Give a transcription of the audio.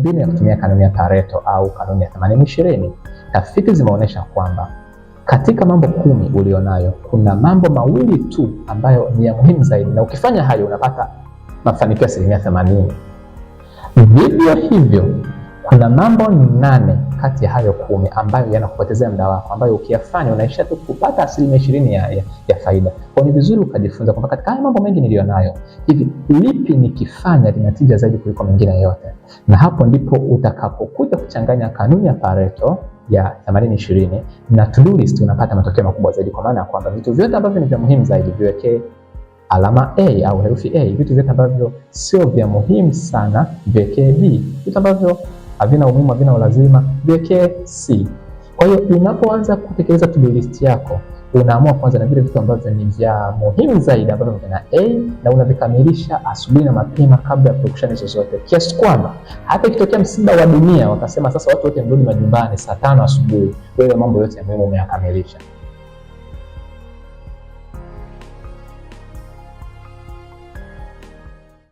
mbinu ya kutumia kanuni ya Pareto au kanuni ya 80/20, tafiti zimeonyesha kwamba katika mambo kumi ulionayo kuna mambo mawili tu ambayo ni ya muhimu zaidi, na ukifanya hayo unapata mafanikio asilimia 80. Vivyo hivyo kuna mambo nane kati ya hayo kumi ambayo yanakupotezea muda wako, ambayo ukiyafanya unaisha tu kupata asilimia ishirini ya, ya, ya faida. Kwa ni vizuri ukajifunza kwamba katika haya mambo mengi niliyo nayo hivi, lipi nikifanya linatija zaidi kuliko mengine yote, na hapo ndipo utakapokuja kuchanganya kanuni ya Pareto ya 80 20 na to do list, unapata matokeo makubwa zaidi, kwa maana ya kwamba vitu vyote ambavyo ni vya muhimu zaidi viwekee alama A au herufi A. Vitu vyote ambavyo sio vya muhimu sana viwekee B. Vitu ambavyo havina umuhimu, havina ulazima, jiwekee si. Kwa hiyo unapoanza kutekeleza to-do list yako unaamua kwanza na vile vitu ambavyo ni vya muhimu zaidi ambavyo vina A na unavikamilisha asubuhi na mapema kabla ya purukushani zozote, kiasi kwamba hata ikitokea msiba wa dunia wakasema sasa watu wote mrudi majumbani saa tano asubuhi, wewe mambo yote ya muhimu umeyakamilisha.